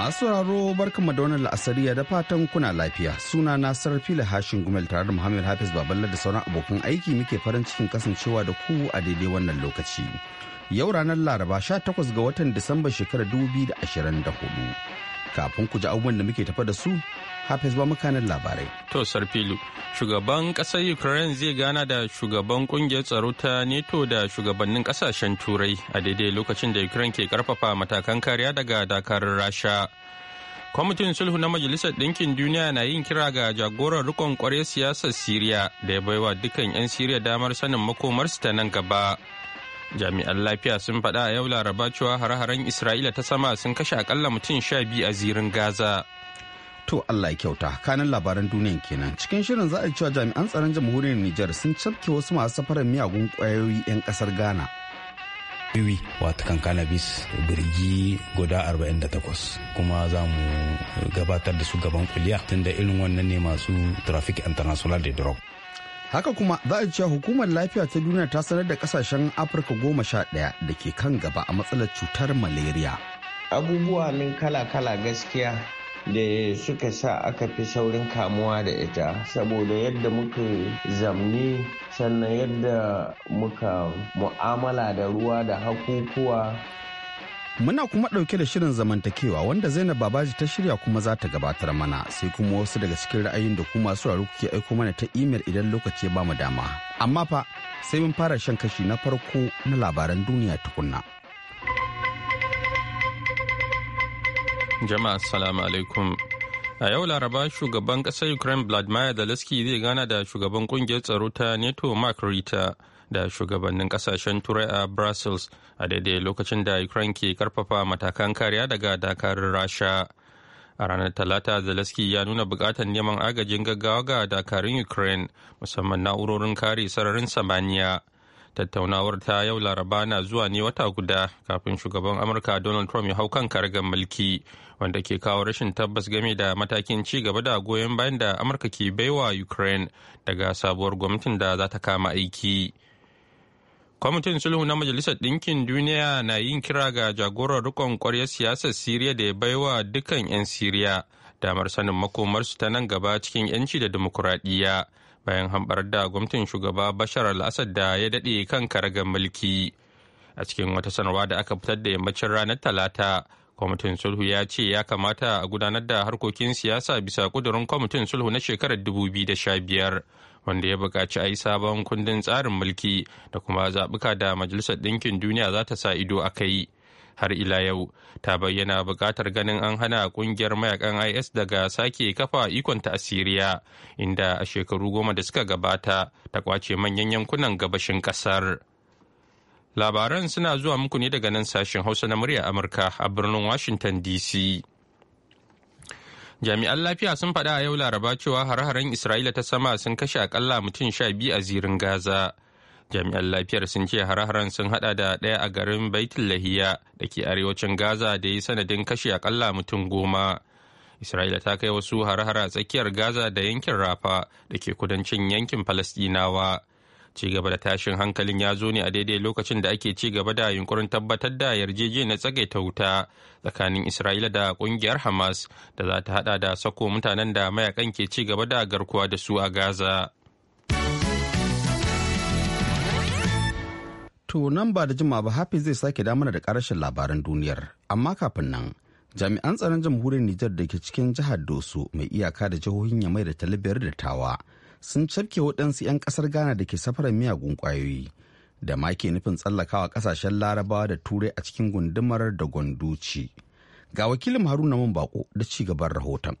Masu sauraro barkanmu da wannan ya da fatan kuna lafiya. Suna na Sarfila Hashin Gumel tare da Muhammad Hafiz Baballa da sauran abokan aiki muke farin cikin kasancewa da ku a daidai wannan lokaci. Yau ranar Laraba 18 ga watan Disamba shekarar 2024. kafin ku ji abubuwan da muke tafa da su hafiz ba makanan labarai to sarfilu shugaban kasar ukraine zai gana da shugaban kungiyar tsaro ta neto da shugabannin kasashen turai a daidai lokacin da ukraine ke karfafa matakan kariya daga dakarar rasha kwamitin sulhu na majalisar ɗinkin duniya na yin kira ga jagoran rikon kware siyasar siriya da ya baiwa dukkan 'yan siriya damar sanin makomarsu ta nan gaba jami'an lafiya sun faɗa a yau laraba cewa hare-haren isra'ila ta sama sun kashe akalla mutum sha biyu a zirin gaza to allah kyauta kanin labaran duniyan kenan cikin shirin za a cewa jami'an tsaron jamhuriyar Nijar sun cafke wasu masu safarar miyagun kwayoyi 'yan kasar ghana wiwi wata kan cannabis birgi guda 48 kuma za mu gabatar da su gaban kuliya tunda irin wannan ne masu traffic international da drug haka kuma za a cewa hukumar lafiya ta duniya ta sanar da kasashen afirka goma sha ɗaya da ke kan gaba a matsalar cutar malaria abubuwa min kala-kala gaskiya da suka sa aka fi saurin kamuwa da ita saboda yadda muka zamni sannan yadda muka mu'amala da ruwa da hakukuwa Muna kuma ɗauke da shirin zamantakewa wanda Zainab Babaji ta shirya kuma za ta gabatar mana sai kuma wasu daga cikin ra'ayin da kuma masu raro kuke aiko mana ta imel idan lokaci ba mu dama. Amma fa sai mun fara shan kashi na farko na labaran duniya tukunna. Jama'a assalamu alaikum. A yau Laraba shugaban ƙasar Ukraine Vladimir Zelensky zai gana da shugaban ƙungiyar tsaro ta NATO Mark Rita da shugabannin kasashen turai a brussels a daidai lokacin da ukraine ke karfafa matakan kariya daga dakarun rasha a ranar talata zelensky ya nuna bukatar neman agajin gaggawa ga dakarun ukraine musamman na'urorin kare sararin samaniya tattaunawar ta yau laraba na zuwa ne wata guda kafin shugaban amurka donald trump ya hau kan karagar mulki wanda ke kawo rashin tabbas game da matakin ci gaba da goyon bayan da amurka ke baiwa ukraine daga sabuwar gwamnatin da za ta kama aiki. kwamitin sulhu na majalisar ɗinkin duniya na yin kira ga jagorar rikon kwaryar siyasar siriya da ya baiwa dukkan 'yan siriya damar sanin makomarsu ta nan gaba cikin 'yanci da dimokuraɗiyya bayan hambar da gwamnatin shugaba bashar al-assad da ya daɗe kan karagar mulki a cikin wata sanarwa da aka fitar da yammacin ranar talata kwamitin sulhu ya ce ya kamata a gudanar da harkokin siyasa bisa kudurin kwamitin sulhu na shekarar 2015 wanda ya buƙaci a yi sabon kundin tsarin mulki da kuma zaɓuka da majalisar ɗinkin duniya za ta sa ido a kai har ila yau ta bayyana buƙatar ganin an hana ƙungiyar mayakan is daga sake kafa ikonta a siriya inda a shekaru goma da suka gabata ta kwace manyan yankunan gabashin ƙasar labaran suna zuwa muku ne daga nan sashen hausa na murya amurka a birnin washington dc Jami'an lafiya sun faɗa a yau Laraba cewa har-haren Isra'ila ta sama sun kashe akalla mutum sha biyu a zirin Gaza. Jami'an lafiyar sun ce har-haren sun haɗa da ɗaya a garin Baitul Lahiya da ke arewacin Gaza da ya sanadin kashe akalla mutum goma. Isra'ila ta kai wasu har-hara tsakiyar Gaza da yankin Rafa da ke kudancin yankin Falasɗinawa. ci gaba da tashin hankalin ya zo ne a daidai lokacin da ake ci gaba da yunkurin tabbatar da yarjejeniyar tsagaita wuta tsakanin isra'ila da kungiyar hamas da za ta hada da sako mutanen da mayakan ke ci gaba da garkuwa da su a gaza to nan ba da jima ba hafi zai sake damana da karashin labaran duniyar amma kafin nan jami'an tsaron jamhuriyar nijar da ke cikin jihar doso mai iyaka da jihohin yamai da talibiyar da tawa sun cafke waɗansu 'yan ƙasar ghana da ke safarar miyagun ƙwayoyi da ma ke nufin tsallakawa ƙasashen larabawa da turai a cikin gundumar da gwanduci ga wakilin haruna mun bako da ci gaban rahoton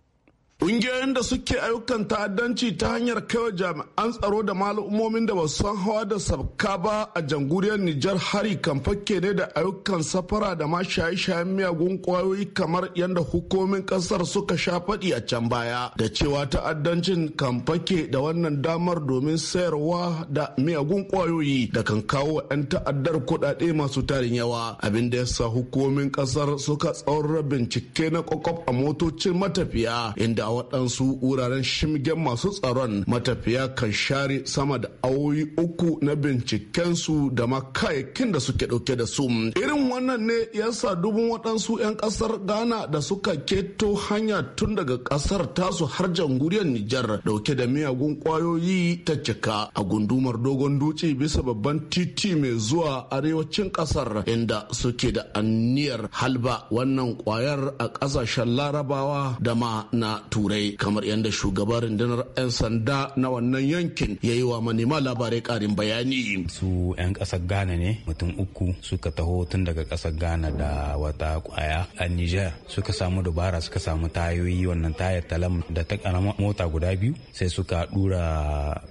Ƙungiyoyin da suke ayyukan ta'addanci ta hanyar kaiwa jami'an tsaro da mal'ummomin da ba san hawa da sabka ba a jamhuriyar Nijar hari kan fakke ne da ayyukan safara da ma shaye-shayen miyagun ƙwayoyi kamar yadda hukumomin ƙasar suka sha faɗi a can baya da cewa ta'addancin kan fake da wannan damar domin sayarwa da miyagun ƙwayoyi da kan kawo 'yan ta'addar kuɗaɗe masu tarin yawa abin da ya sa hukumomin ƙasar suka tsawon bincike na kwakwaf a motocin matafiya inda a waɗansu wuraren shimgen masu tsaron matafiya kan share sama da awoyi uku na bincikensu da ma kayayyakin da suke ɗauke da su irin wannan ne ya sa dubun waɗansu 'yan ƙasar ghana da suka keto hanya tun daga ƙasar tasu har janguriyar nijar dauke da miyagun ƙwayoyi ta cika a gundumar dogon duci bisa babban titi mai zuwa arewacin ƙasar inda suke da anniyar halba wannan kwayar a ƙasashen larabawa da ma na turai kamar yadda shugaban rundunar 'yan sanda na wannan yankin ya yi wa manema labarai karin bayani su 'yan kasar ghana ne mutum uku suka taho tun daga kasar ghana da wata kwaya a niger suka samu dubara suka samu tayoyi wannan tayar talam da ta karamar mota guda biyu sai suka dura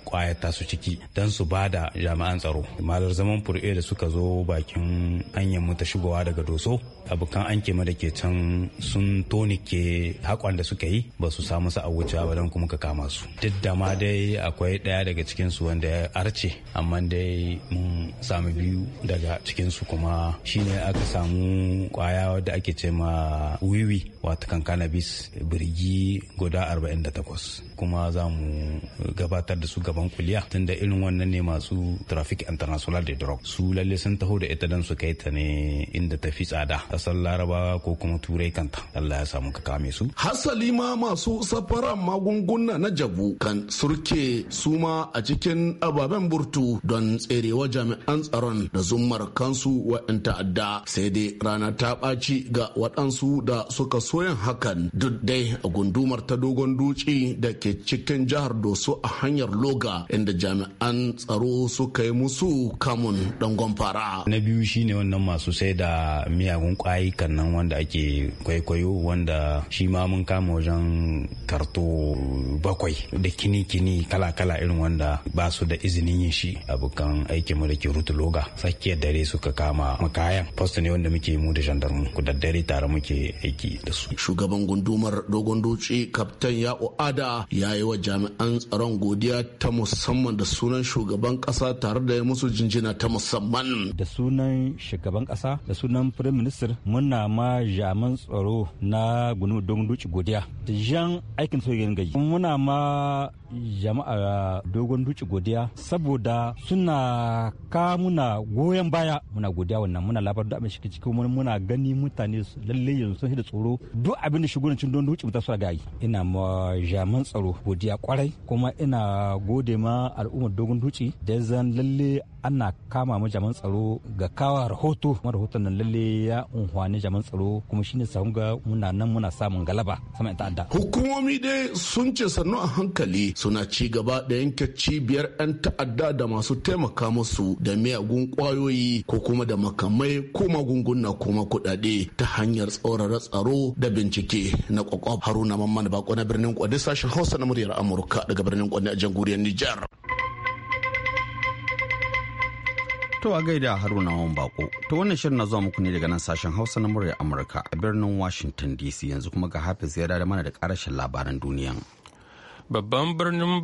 kwayar su ciki don su ba da jami'an tsaro malar zaman fure da suka zo bakin hanyar mu ta shigowa daga doso abokan anke da ke can sun tonike hakon da suka yi ba su samu a wucewa ba don kuma ka kama su duk da ma dai akwai ɗaya daga cikinsu wanda ya arce amma dai mun samu biyu daga cikinsu kuma shine aka samu kwaya wadda ake ce ma wiwi wato kan cannabis birgi guda 48 kuma za mu gabatar da su gaban kuliya tunda irin wannan ne masu traffic international da drug su lalle sun taho da ita don su kai ta ne inda ta fi tsada kasar larabawa ko kuma turai kanta allah ya samu ka kame su hasali ma masu safara magunguna na jabu kan surke su ma a cikin ababen burtu don tserewa jami'an tsaron da zumar kansu wa'yan ta'adda sai dai rana ta ɓaci ga waɗansu da suka so hakan duk dai a gundumar ta dogon dutse da ke cikin jihar doso a hanyar loga inda jami'an tsaro suka yi musu kamun dangon fara na biyu shine wannan masu sai da miyagun kwayukan nan wanda ake kwaikwayo wanda shi ma mun kama wajen karto bakwai da kini-kini kala-kala irin wanda ba su da izinin yin shi abokan aiki mu da ke rutu loga tsakiyar dare suka kama makayan post ne wanda muke mu da gendarmu ku da dare tare muke aiki da su shugaban gundumar dogon doci kaftan ya ada ya yi wa jami'an tsaron godiya ta musamman da sunan shugaban kasa tare da ya musu jinjina ta musamman da sunan shugaban kasa da sunan prime minister muna ma jami'an tsaro na gundumar dogon doci godiya da jan aikin sojin gari. muna ma jama'a dogon duci godiya saboda suna ka muna goyon baya muna godiya wannan muna labar da abin shi cikin muna gani mutane lalle yanzu sun da tsoro duk abin da cin don huci ta ga ina ma jaman tsaro godiya kwarai kuma ina gode ma al'ummar dogon duci da zan lalle ana kama ma jaman tsaro ga kawa rahoto kuma rahoton nan lalle ya unhwani jaman tsaro kuma shine sahun ga muna nan muna samun galaba sama ta'adda hukumomi dai sun ce sannu a hankali suna ci gaba da yanke cibiyar 'yan ta'adda da masu taimaka musu da miyagun kwayoyi ko kuma da makamai ko magunguna kuma kuɗaɗe ta hanyar tsorara tsaro da bincike na kwakwa haruna mamman bako na birnin kwadi sashen hausa na muryar amurka daga birnin kwadi a jamhuriyar nijar To a gaida Haruna mamman Bako. To wannan shirin na zuwa muku ne daga nan sashen Hausa na muryar Amurka a birnin Washington DC yanzu kuma ga Hafiz ya da mana da karashin labaran duniyan. Babban birnin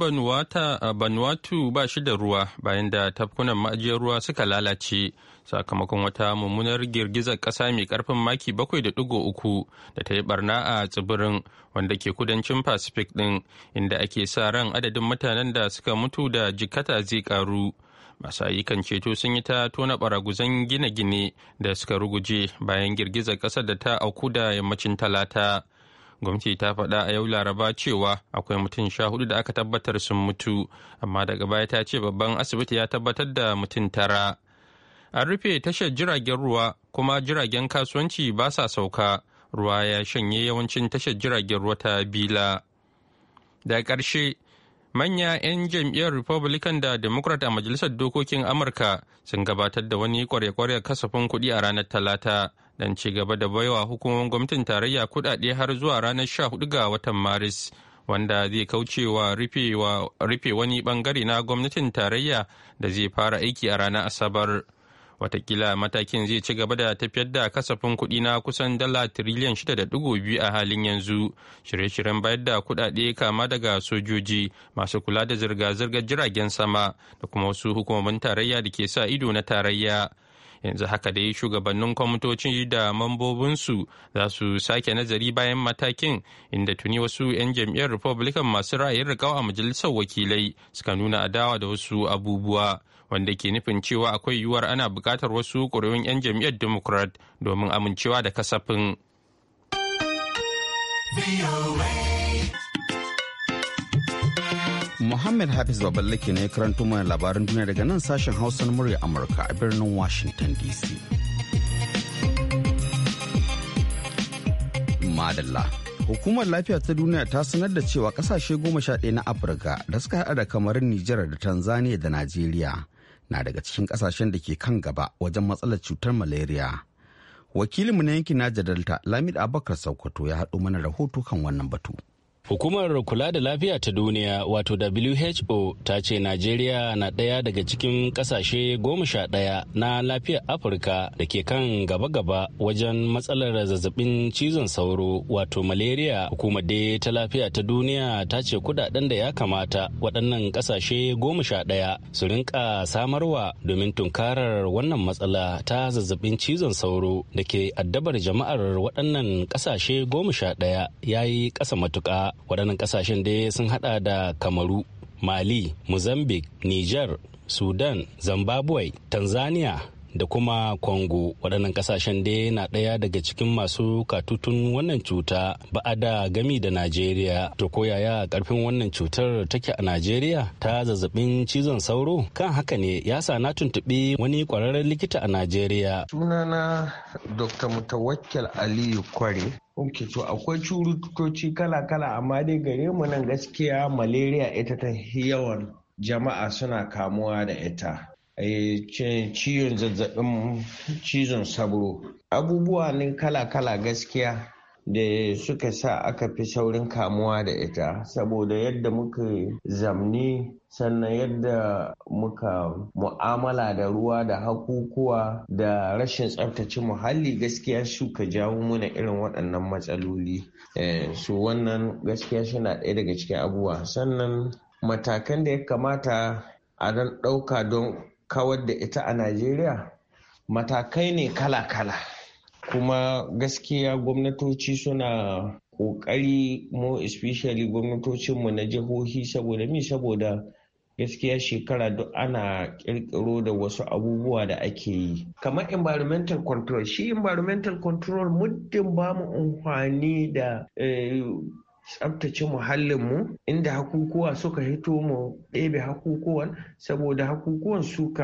banuwatu ba shi da ruwa bayan da tafkunan ma'ajiyar ruwa suka lalace sakamakon wata mummunar girgizar ƙasa mai ƙarfin maki bakwai da uku da ta yi barna a tsibirin wanda ke kudancin Pacific ɗin inda ake sa ran adadin mutanen da suka mutu da jikata zai karu Masu ayyukan ceto sun yi ta tona baraguzan gine-gine da suka ruguje bayan girgizar ƙasar da ta auku da yammacin talata. gwamnati ta faɗa a yau laraba cewa akwai mutum sha hudu da aka tabbatar sun mutu amma daga baya ta ce babban asibiti ya tabbatar da mutum tara an rufe tashar jiragen ruwa kuma jiragen kasuwanci ba sa sauka ruwa ya shanye yawancin tashar jiragen ruwa ta bila da ƙarshe manya 'yan jam'iyyar republican da democrat a majalisar dokokin amurka sun gabatar da wani kware-kware kasafin kuɗi a ranar talata dan ci gaba da baiwa hukumomin gwamnatin tarayya kudade har zuwa ranar 14 ga watan maris wanda zai kaucewa rufe wani bangare na gwamnatin tarayya da zai fara aiki a ranar asabar watakila matakin zai ci gaba da tafiyar da kasafin kuɗi na kusan dala tiriliyan 6.2 a halin yanzu shirye-shiryen bayar da kuɗaɗe kama daga sojoji masu kula da zirga-zirgar jiragen sama da kuma wasu hukumomin tarayya da ke sa ido na tarayya yanzu haka dai shugabannin kwamitoci da mambobinsu za su sake nazari bayan matakin inda tuni wasu 'yan jam'iyyar republican masu ra'ayin rikau a majalisar wakilai suka nuna adawa da wasu abubuwa wanda ke nufin cewa akwai yiwuwar ana buƙatar wasu ƙuri'un 'yan jam'iyyar democrat domin amincewa da kasafin. Muhammad Hafiz Baballe na ne karanto mana labarin duniya daga nan sashen Hausa na murya Amurka a birnin Washington DC. Madalla. Hukumar lafiya ta duniya ta sanar da cewa kasashe goma sha ɗaya na Afirka da suka haɗa da kamarin Nijar da Tanzania da Najeriya na daga cikin kasashen da ke kan gaba wajen matsalar cutar malaria. Wakilinmu na yankin Naja Delta Lamid Abakar Sokoto ya haɗo mana rahoto kan wannan batu. Hukumar kula da lafiya ta duniya wato WHO ta ce Najeriya na ɗaya daga cikin ƙasashe goma sha ɗaya na lafiyar Afirka da ke kan gaba-gaba wajen matsalar zazzabin cizon sauro wato malaria. Hukumar dai ta lafiya ta duniya ta ce kudaden da ya kamata waɗannan ƙasashe goma sha ɗaya su rinka samarwa domin tunkarar wannan matsala ta zazzabin cizon sauro da ke addabar jama'ar waɗannan ƙasashe goma sha ɗaya ya yi ƙasa matuƙa. waɗannan ƙasashen dai sun hada da kamaru mali mozambique niger sudan zimbabwe tanzania da kuma congo waɗannan ƙasashen dai na ɗaya daga cikin masu katutun wannan cuta ba a da gami da najeriya to ko yaya ƙarfin wannan cutar take a najeriya ta zazzabin cizon sauro kan haka ne ya sa na tuntuɓi wani ƙwararren likita a najeriya sunana dr mutawakkil aliyu kware Okay, to akwai curutoci kala-kala amma dai gare mu nan gaskiya malaria ita ta yawan jama'a suna kamuwa da ita. Eh, ciwon zazzabin cizon sabro abubuwa ne kala-kala gaskiya da suka sa aka fi saurin kamuwa da ita saboda yadda muka zamni sannan yadda muka mu'amala da ruwa da hakukuwa da rashin tsabtace, muhalli gaskiya suka jawo muna irin waɗannan matsaloli eh, su wannan gaskiya suna ɗaya daga cikin abubuwa sannan matakan da ya kamata a ɗauka don kawar da ita a najeriya matakai ne kala-kala kuma gaskiya gwamnatoci suna ƙoƙari mo especially gwamnatocinmu na jihohi saboda mi saboda gaskiya shekara duk ana ƙirƙiro da wasu abubuwa da ake yi kamar environmental control shi environmental control muddin ba mu amfani da eh, tsabtace muhallinmu inda hakukuwa suka hito mu ɗebe hakukuwan saboda hakukuwan suka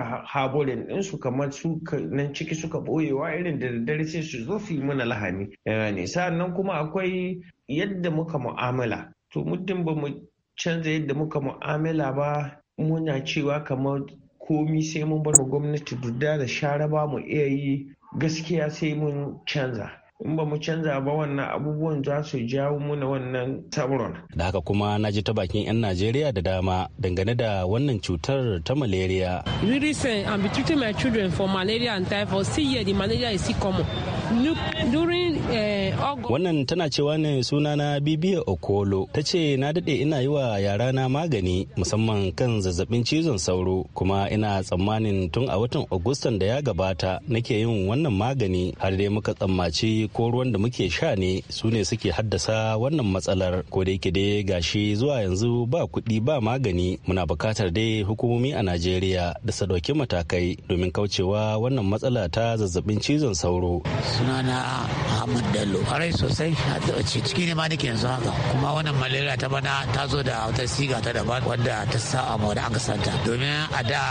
ɗin su kamar su nan ciki suka ɓoyewa irin da daddare sai su zo fi mana lahani ne sa'annan kuma akwai yadda muka mu'amala to muddin ba mu canza yadda muka mu'amala ba muna cewa kamar komi sai mun bar gwamnati dudda da share ba mu iya yi gaskiya sai mun canza in ba mu canza ba wannan abubuwan za su jawo muna wannan sabron. Da haka kuma na ji ta bakin 'yan Najeriya da dama dangane da wannan cutar ta malaria. Really saying I'm treating my children for malaria and typhoid. See here the malaria is still common. During Eh, wannan tana cewa ne sunana Bibiya Okolo. Ta ce na daɗe ina yi wa yarana magani musamman kan zazzabin cizon sauro kuma ina tsammanin tun a watan Agustan da ya gabata nake yin wannan magani har dai muka tsammaci ko ruwan da muke sha ne su ne suke haddasa wannan matsalar ko da yake dai gashi zuwa yanzu ba kuɗi ba magani muna buƙatar dai hukumomi a Najeriya da su ɗauki matakai domin kaucewa wannan matsala ta zazzabin cizon sauro. Ahmad Dallo kwarai sosai ciki ne ma nake yanzu haka kuma wannan malaria ta bana ta zo da wata siga ta daban wanda ta sa a wanda an kasanta domin a da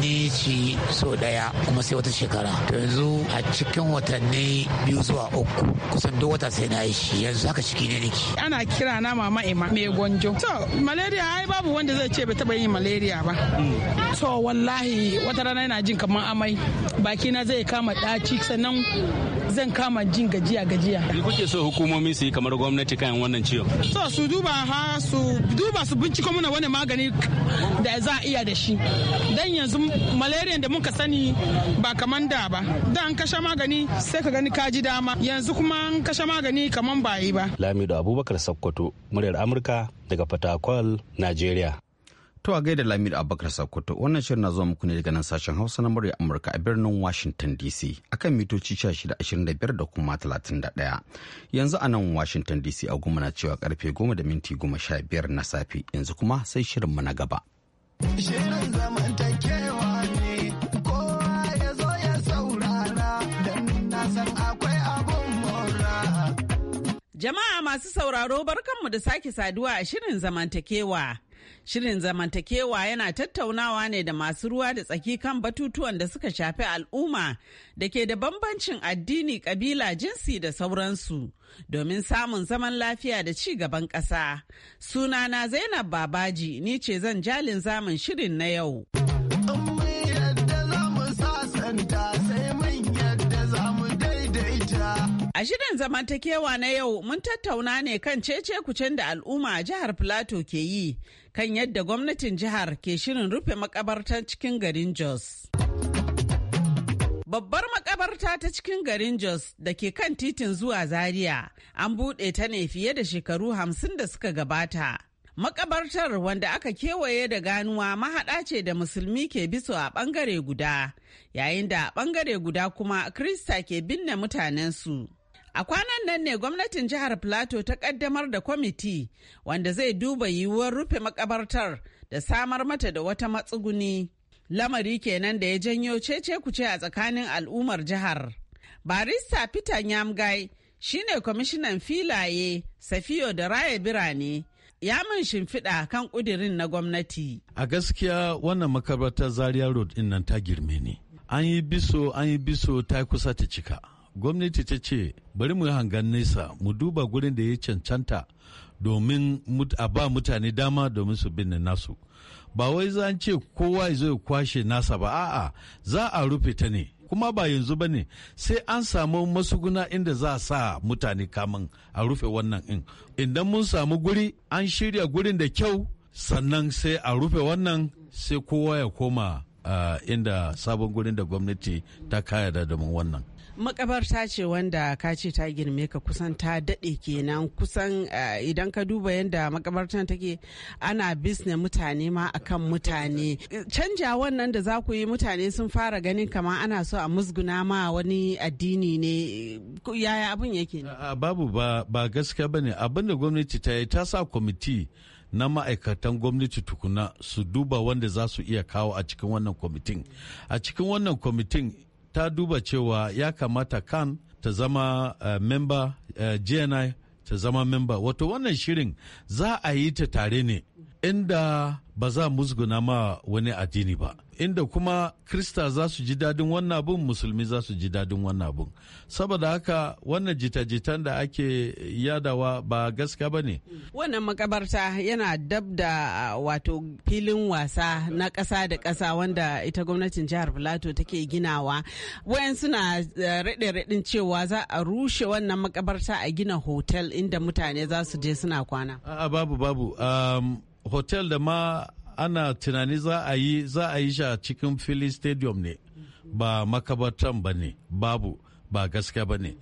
ni ci so daya kuma sai wata shekara to yanzu a cikin watanni biyu zuwa uku kusan duk wata sai na yi shi yanzu haka ciki ne nake ana kira na mama ima mai gwanjo to malaria ai babu wanda zai ce bai taba yin malaria ba to wallahi wata rana yana jin kamar amai baki na zai kama daci sannan zan kama jin gaji gajiya gajiya. Me kuke so hukumomi su yi kamar gwamnati kan wannan ciwon? So su duba ha su duba su binciko mana wani magani da za a iya da shi. Dan yanzu malaria da muka sani ba kamar da ba. Da an kashe magani sai ka gani ka ji dama. Yanzu kuma an kashe magani kamar ba yi ba. Lamido Abubakar sakkwato muryar Amurka daga Fatakwal, Najeriya. To a gaida Lamidu Abubakar sokoto wannan shirin na zuwa muku ne daga nan sashen Hausa na murya Amurka a birnin Washington DC akan mitoci 1625 da kuma 31. Yanzu a nan Washington DC a goma na cewa karfe 10 da minti 15 na safe yanzu kuma sai shirin mu na gaba. Jama'a masu sauraro barkanmu da sake saduwa a shirin zamantakewa. Shirin zamantakewa yana tattaunawa ne da masu ruwa da tsaki kan batutuwan da suka shafi al'umma da ke da bambancin addini, kabila, jinsi da sauransu domin samun zaman lafiya da ci gaban ƙasa. Sunana Zainab Babaji ni ce zan jalin zamun shirin na yau. A shirin zamantakewa na yau mun tattauna ne kan cece kucen da al'umma a jihar plateau ke yi kan yadda gwamnatin jihar ke shirin rufe makabartar cikin garin Jos. Babbar makabarta ta cikin garin Jos da ke kan titin zuwa Zaria an buɗe ta ne fiye da shekaru hamsin da suka gabata. Makabartar wanda aka kewaye da ganuwa mahaɗa ce da musulmi ke biso a ɓangare guda, yayin da ɓangare guda kuma Krista ke binne mutanensu. A kwanan nan ne gwamnatin jihar Plateau ta kaddamar da kwamiti wanda zai duba yiwuwar rufe makabartar da samar mata da wata matsuguni. Lamari kenan da ya janyo cece kuce a tsakanin al'ummar jihar. Barista Peter Nyamgai shine kwamishinan filaye, safiyo da raya birane. ya min shimfiɗa kan ƙudirin na gwamnati. A gaskiya wannan makabartar Zaria Road ɗin nan ta girme ne. An yi biso, an yi biso ta kusa ta cika. gwamnati ta ce bari mu yi hangen nesa mu duba gurin da ya cancanta domin a ba mutane dama domin su binne nasu ba wai za an ce kowa ya zo ya kwashe nasa ba a'a za a rufe ta ne kuma ba yanzu ba ne sai an samu masuguna inda za a sa mutane kamun a rufe wannan in idan mun samu guri an shirya gurin da kyau sannan sai a rufe wannan sai kowa ya koma ah, inda sabon gurin da gwamnati ta kayada domin wannan makabarta ce wanda ka ce ta girme ka kusan ta daɗe kenan kusan eh, idan ka duba yadda ta take ana bisne mutane ma akan mutane canja wannan da za ku yi mutane sun fara ganin kama ana so a musguna ma wani addini ne yaya abin yake ne babu ba gaskiya bane abin da gwamnati ta yi ta sa kwamiti na ma'aikatan gwamnati tukuna su duba wanda za su iya kawo a cikin wannan kwamitin a cikin wannan kwamitin ta duba cewa ya kamata kan ta zama uh, eh, memba uh, eh, gni ta zama memba wato wannan shirin za a yi ta tare ne inda ba za musguna ma wani addini ba inda kuma krista za su ji dadin wannan abun musulmi za su ji dadin wannan abun saboda haka wannan jita-jitan da ake yadawa ba gaska ba ne wannan makabarta yana dab da wato filin wasa na ƙasa da kasa wanda ita gwamnatin jihar filato take ginawa wayan suna eh, rade raɗin cewa za a rushe wannan makabarta a gina hotel inda mutane za su je suna kwana babu babu um, hotel da ma ana tunani za a yi za a yi shi a cikin fili stadium ne ba makabartan ba ne babu ba gaskiya ba ne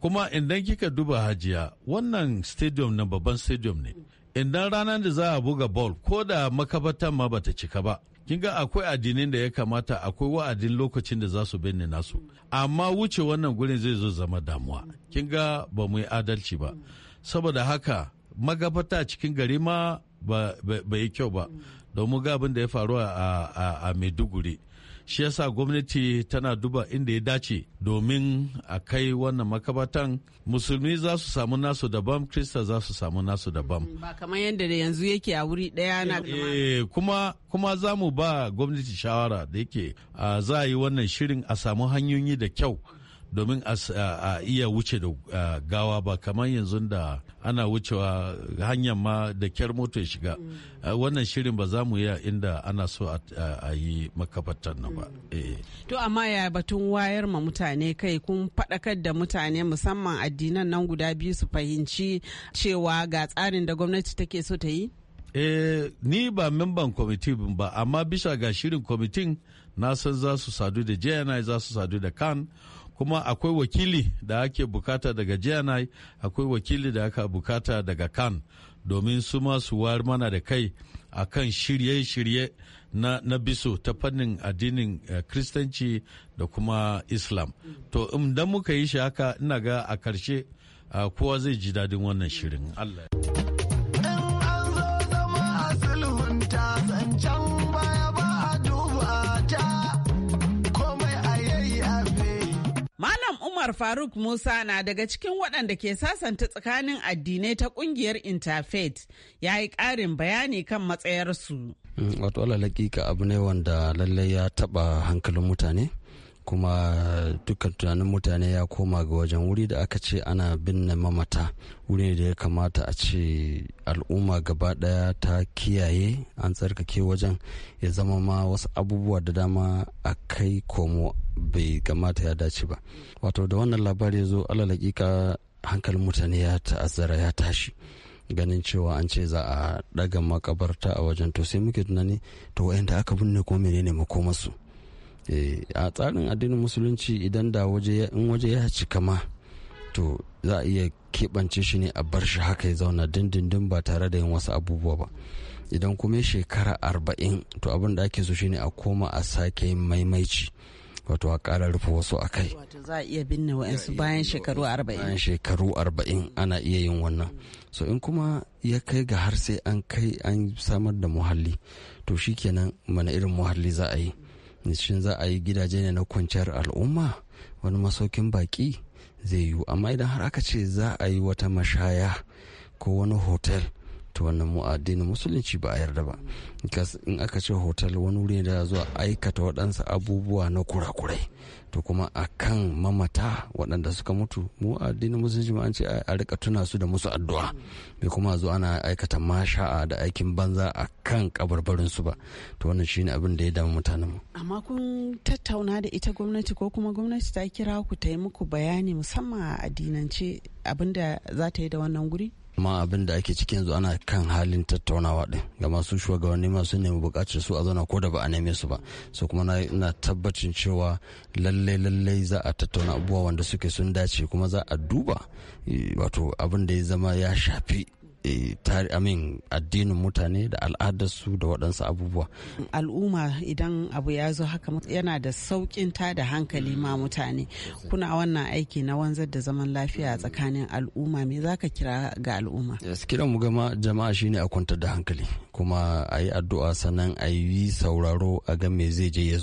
kuma idan kika duba hajiya wannan stadium na babban stadium ne idan ranar da za a buga ball ko da makabartan ma bata cika ba kin ga akwai addinin da ya kamata akwai wa'adin lokacin da za su binne nasu amma wuce wannan gurin zai zo zama damuwa kin ga ba mu yi adalci ba saboda haka magabata cikin gari ma ba yi kyau ba domin ga abin da ya faru a maiduguri shi yasa gwamnati tana duba inda ya dace domin a kai wannan makabatan musulmi za su samu nasu daban krista za su samu nasu daban mm, ba kamar yadda da yanzu yake a wuri daya na eh, kuma kuma za mu ba gwamnati shawara da yake za a yi wannan shirin a samu hanyoyi da kyau domin a iya wuce da gawa ba kamar yanzu da ana wucewa hanyar ma da kyar moto ya shiga mm. wannan shirin ba za mu yi inda ana so a yi makabartar nan ba mm. eh. to amma ya batun wayar ma mutane kai kun faɗakar da mutane musamman addinan nan guda biyu su fahimci cewa ga tsarin da gwamnati take so ta yi eh ni ba memban kwamiti ba amma bisa ga shirin kwamitin na san za su sadu da jni za su sadu da kan kuma akwai wakili da ake bukata daga jni akwai wakili da aka bukata daga kan domin su ma su mana da kai a kan shirye-shirye na, na biso ta fannin addinin eh, kristanci da kuma islam to idan muka yi shi haka ina ga a karshe ah, kowa zai ji dadin wannan shirin allah Umar Faruk Musa na daga cikin waɗanda ke sasanta tsakanin addinai ta ƙungiyar Interfaith ya yi ƙarin bayani kan matsayarsu. Mm, wato alalakika abu ne wanda lallai ya taɓa hankalin mutane. kuma dukkan tunanin mutane ya koma ga wajen wuri da aka ce ana binne mamata wuri da ya kamata a ce al'umma gaba daya ta kiyaye an tsarkake wajen ya zama ma wasu abubuwa da dama a kai komo bai kamata ya dace ba wato da wannan labari ya zo alalakika hankalin mutane ya ta'azzara ya tashi ganin cewa an ce za a daga makabarta a wajen to sai muke tunani to wayanda aka binne ko menene makomarsu Eh, a tsarin addinin musulunci idan da waje in waje ya cika ma to za a iya keɓance shi ne a bar shi haka ya zauna dindindin ba tare da yin wasu abubuwa ba idan kuma ya shekara arba'in to abin da ake so shine a koma a sake maimaici wato a kara rufe wasu a kai za a iya binne wa'ansu bayan shekaru arba'in bayan shekaru arba'in ana iya yin wannan so in kuma ya kai ga har sai an kai an samar da muhalli to shi shikenan mana irin muhalli za a yi shin za a yi gidaje ne na kwanciyar al'umma wani masaukin baki zai yiwu amma idan har aka ce za a yi wata mashaya ko wani hotel to wannan mu addinin musulunci ba a yarda ba in aka ce hotel wani wuri da zuwa aikata waɗansu abubuwa na kurakurai to kuma a kan mamata waɗanda suka mutu mu addinin musulunci an ce a rika tuna su da musu addu'a bai kuma zo ana aikata masha'a da aikin banza a kan kabarbarin su ba to wannan shine abin da ya damu mutanen mu amma kun tattauna da ita gwamnati ko kuma gwamnati ta kira ku ta yi muku bayani musamman a addinance abin da za ta yi da wannan guri amma abin da ake cikin yanzu ana kan halin tattaunawa din ga masu shugabanni masu nemi bukatar su a zauna ko da ba a neme su ba so kuma na tabbacin cewa lallai lallai za a tattauna abubuwa wanda suke sun dace kuma za a duba eh, wato abin da ya zama ya shafi Eh, amin addinin mutane da al'adarsu da waɗansu abubuwa. Al'umma idan abu ya zo haka yana da sauƙin da hankali ma mutane. Kuna wannan aiki na wanzar da zaman lafiya tsakanin al'umma me za ka kira ga al'umma? Yes, kiran mu gama jama'a shine a kwantar da hankali. kuma a yi addu'a sannan a yi sauraro a ga me zai je ya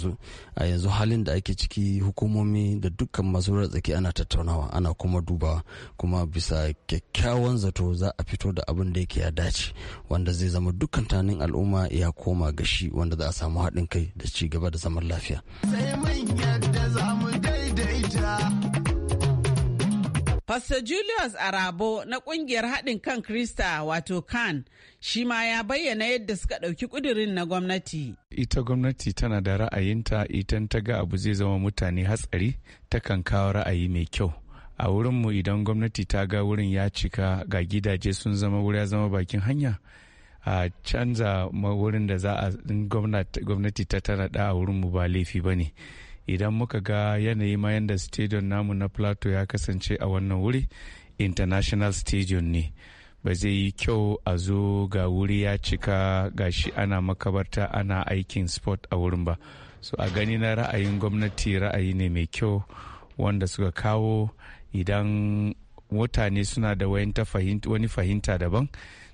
a yanzu halin da ake ciki hukumomi da dukkan masu tsaki ana tattaunawa ana kuma dubawa kuma bisa kyakkyawan zato za a fito da abin da yake ya dace wanda zai zama dukkan tanin al'umma ya koma gashi wanda za a samu haɗin kai da ci gaba da zaman lafiya. Sai Pastor Julius Arabo na kungiyar haɗin kan Krista wato kan shi ma ya bayyana yadda suka ɗauki ƙudurin na gwamnati. Ita gwamnati tana da ra'ayinta idan ta ga abu zai zama mutane hatsari takan kawo ra'ayi mai kyau. A wurinmu idan gwamnati ta ga wurin ya cika ga gidaje sun zama wuri ya zama bakin hanya. a canza wurin da za a gwamnati ta tanada a wurinmu ba laifi ba ne idan muka ga yanayi ma yadda stadium namu na plateau ya kasance a wannan wuri international stadium ne ba zai yi kyau a zo ga wuri ya cika gashi ana makabarta ana aikin sport a wurin ba so a gani na ra'ayin gwamnati ra'ayi ne mai kyau wanda suka kawo idan mutane suna da wani fahimta daban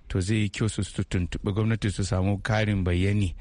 to zai yi kyau su tuntuɓi gwamnati su samu karin bayani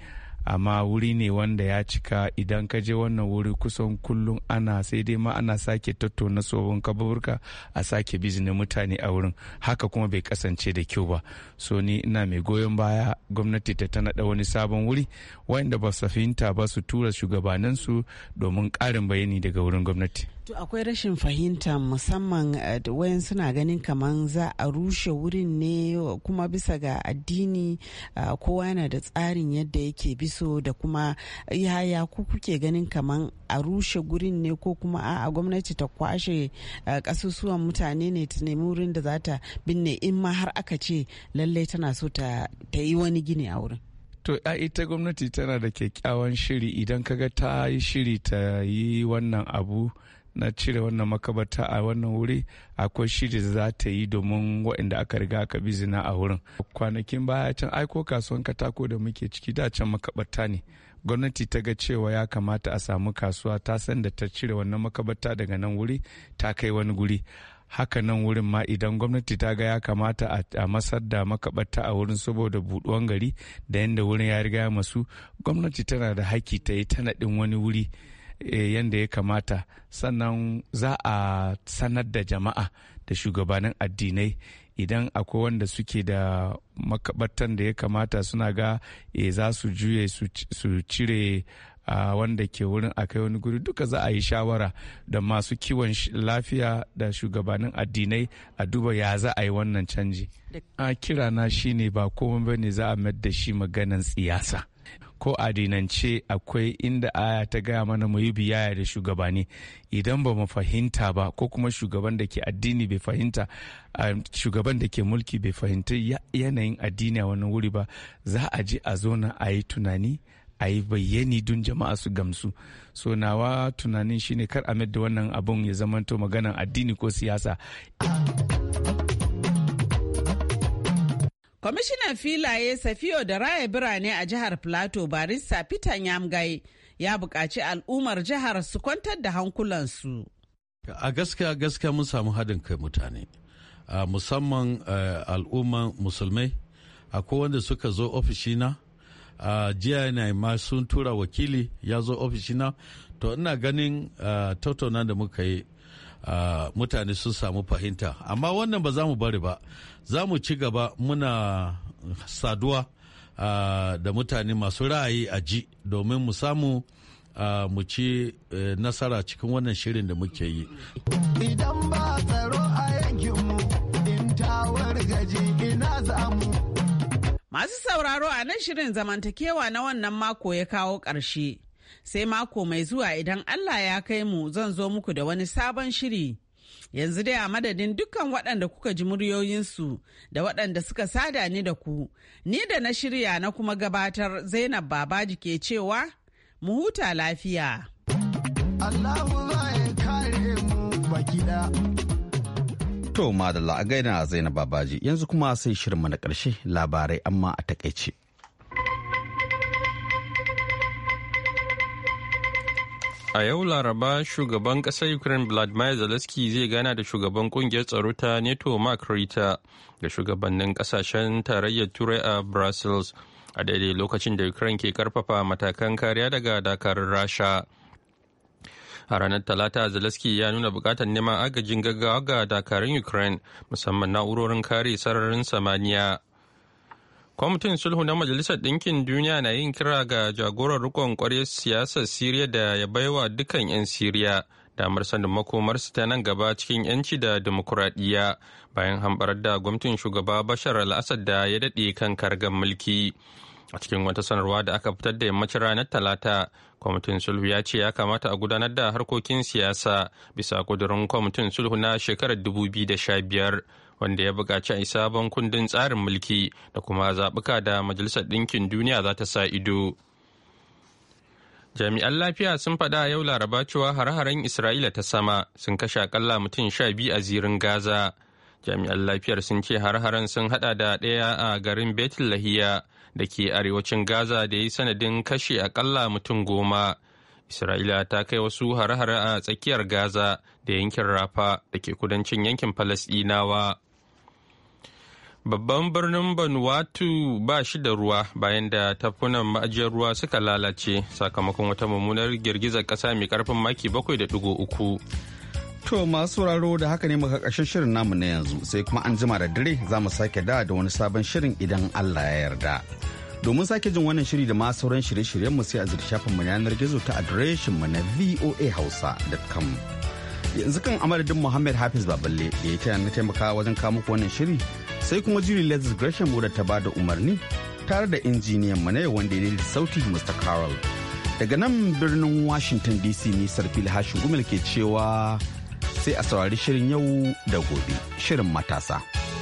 amma wuri ne wanda ya cika idan ka je wannan wuri kusan kullum ana sai dai ma ana sake tattauna tsohon kaburka a sake bizini mutane a wurin haka kuma bai kasance da kyau ba so ni ina mai goyon baya gwamnati ta ta naɗa wani sabon wuri wanda ba su fahimta ba su tura shugabanninsu domin ƙarin bayani daga wurin gwamnati To akwai rashin fahimta musamman eh, da wayan suna ganin kaman za a rushe wurin ne kuma bisa ga addini eh, kowa yana da tsarin yadda yake biso da kuma eh, yaya ku kuke ganin kaman a rushe gurin ne ko kuma a gwamnati ta kwashe kasusuwan mutane ne ta nemi wurin da za ta binne in ma har aka ce lallai tana so ta yi wani gini a wurin. To ita gwamnati tana da kyakkyawan shiri idan kaga ta yi shiri ta yi wannan abu na cire wannan makabata a wannan wuri akwai shiri da za ta yi domin waɗanda aka riga aka bi zina a wurin kwanakin baya can aiko kasuwan katako da muke ciki da can makabata ne gwamnati ta ga cewa ya kamata a samu kasuwa ta san da ta cire wannan makabata daga nan wuri ta kai wani guri haka nan wurin ma idan gwamnati ta ga ya kamata a masar da makabata a wurin saboda buɗuwan gari da yadda wurin ya riga masu gwamnati tana da haƙƙi ta yi ta naɗin wani wuri Eh, yadda ya kamata sannan za a sanar da jama'a da shugabannin addinai idan akwai wanda suke da makabartan da ya kamata suna ga e za su juye su cire Uh, wanda ke wurin a kai wani guri duka za a yi shawara da masu kiwon lafiya da shugabannin addinai a duba ya za a yi wannan canji a uh, kira na shine ba komai bane za a mayar da shi maganan siyasa ko adinance akwai inda aya ta gaya mana mu yi biyaya da shugabanni idan ba mu fahimta ba ko kuma shugaban da ke addini bai fahimta shugaban da ke mulki bai fahimta yanayin addini a wani wuri ba za a je a zo na a yi tunani a yi bayyani don jama'a su gamsu so nawa tunanin shine kar a da wannan abun ya zamanto maganan addini ko siyasa Kwamishinan filaye Safiyo da raya birane a jihar Plateau barista Peter Yamgai ya buƙaci al'ummar jihar su kwantar da hankulansu. A gaskiya gaskiya mun samu haɗin kai mutane, musamman eh, al'umman musulmai, akwai wanda suka zo ofishina. a jiya na ma sun tura wakili ya zo ofishina to ina ganin eh, tattauna da muka yi mutane sun samu fahimta amma wannan ba za mu bari ba za mu ci gaba muna saduwa da mutane masu ra'ayi a ji domin mu samu mu ci e, nasara cikin wannan shirin da muke yi idan ba tsaro a yankinmu in gaji ina masu sauraro a nan shirin zamantakewa na wannan mako ya kawo ƙarshe sai mako mai zuwa idan Allah ya kai mu zan zo muku da wani sabon shiri. Yanzu dai a madadin dukkan waɗanda kuka ji muryoyinsu da waɗanda suka sada ni da ku, ni da na shirya na kuma gabatar Zainab Babaji ke cewa, mu huta lafiya. Allahu ya kare mu To, madalla a gaina Zainab Babaji, yanzu kuma sai shirinmu na ƙarshe labarai amma a takaice. A yau Laraba shugaban ƙasar Ukraine Vladimir Zelensky zai gana da shugaban kungiyar tsaro ta NATO Mark Rita da shugabannin ƙasashen tarayyar Turai a Brussels a daidai lokacin da Ukraine ke karfafa matakan kariya daga dakarun Rasha. a ranar talata zelensky ya nuna bukatar neman agajin gaggawa ga dakarun ukraine musamman na'urorin kare sararin samaniya kwamitin sulhu na majalisar ɗinkin duniya na yin kira ga jagorar rikon kwarar siyasar siriya da ya baiwa dukan 'yan siriya damar sanin makomarsu ta nan gaba cikin 'yanci da demokuraɗiyya bayan hambarar da gwamnatin shugaba bashar al-assad da ya daɗe kan kargan mulki a cikin wata sanarwa da aka fitar da yammacin ranar talata kwamitin sulhu ya ce ya kamata a gudanar da harkokin siyasa bisa kudurin kwamitin sulhu na shekarar 2015 wanda ya buƙaci a sabon kundin tsarin mulki da kuma zaɓuka da majalisar ɗinkin duniya za ta sa ido jami'an lafiya sun faɗa yau laraba cewa hare-haren isra'ila ta sama sun kashe akalla mutum sha biyu a zirin gaza jami'an lafiyar sun ce har-haren sun haɗa da ɗaya a garin betul lahiya da ke arewacin gaza da ya yi sanadin kashe akalla mutum goma Isra'ila ta kai wasu hare-hare a tsakiyar Gaza da yankin Rafa da ke kudancin yankin Falasɗinawa. Babban birnin banuwatu ba shi da ruwa bayan da tafunan ma'ajiyar ruwa suka lalace sakamakon wata mummunar girgizar ƙasa mai karfin maki bakwai da 7.3. To masu sauraro da haka ne muka ƙarshen shirin namu na yanzu sai kuma an jima da dare za mu sake da da wani sabon shirin idan Allah ya yarda. Domin sake jin wannan shiri da ma sauran shirye-shiryenmu sai a shafin mu yanar gizo ta adireshin mu na voahausa.com. Yanzu kan amadadin Muhammad Hafiz Baballe da ya taya na taimaka wajen kawo ku wannan shiri sai kuma Julie Lazarus Gresham da ta ba da umarni tare da injiniyan mu na wanda ya da sauti Mr. Carol. Daga nan birnin Washington DC ne Sarfil Hashin Gumel ke cewa sai a saurari shirin yau da gobe shirin matasa.